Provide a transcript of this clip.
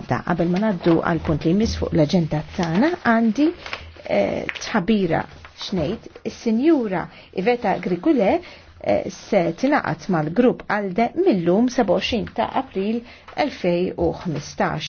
Għadda, qabel ma naddu għal punt li jmiss fuq l-agenda tagħna għandi eh, tħabira xnejt, is-sinjura Iveta Grigule eh, se tinaqat mal-grupp għalde mill-lum 27 ta' april 2015.